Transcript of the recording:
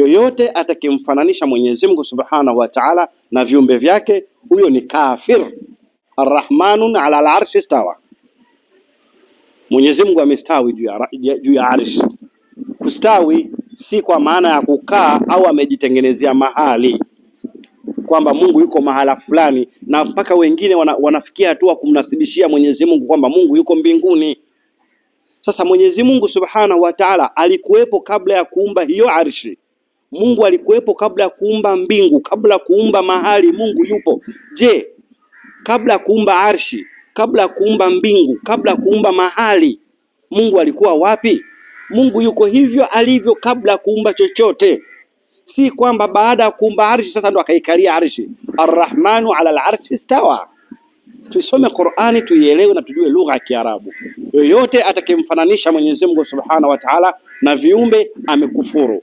yoyote atakimfananisha Mwenyezi Mungu Subhanahu wa Ta'ala na viumbe vyake, huyo ni kafir. Arrahmanun ala al arsh stawa, Mwenyezi Mungu amestawi juu ya arshi. Kustawi si kwa maana ya kukaa au amejitengenezea mahali kwamba Mungu yuko mahala fulani, na mpaka wengine wana, wanafikia hatua kumnasibishia Mwenyezi Mungu kwamba Mungu yuko mbinguni. Sasa Mwenyezi Mungu Subhanahu wa Ta'ala alikuwepo kabla ya kuumba hiyo arshi. Mungu alikuwepo kabla ya kuumba mbingu, kabla ya kuumba mahali, Mungu yupo. Je, kabla ya kuumba arshi, kabla ya kuumba mbingu, kabla ya kuumba mahali, Mungu alikuwa wapi? Mungu yuko hivyo alivyo kabla ya kuumba chochote, si kwamba baada ya kuumba arshi sasa ndo akaikalia arshi. Arrahmanu ala larshi stawa. Tuisome Qur'ani, tuielewe na tujue lugha ya Kiarabu. Yoyote atakayemfananisha Mwenyezi Mungu Subhanahu wa Ta'ala na viumbe amekufuru.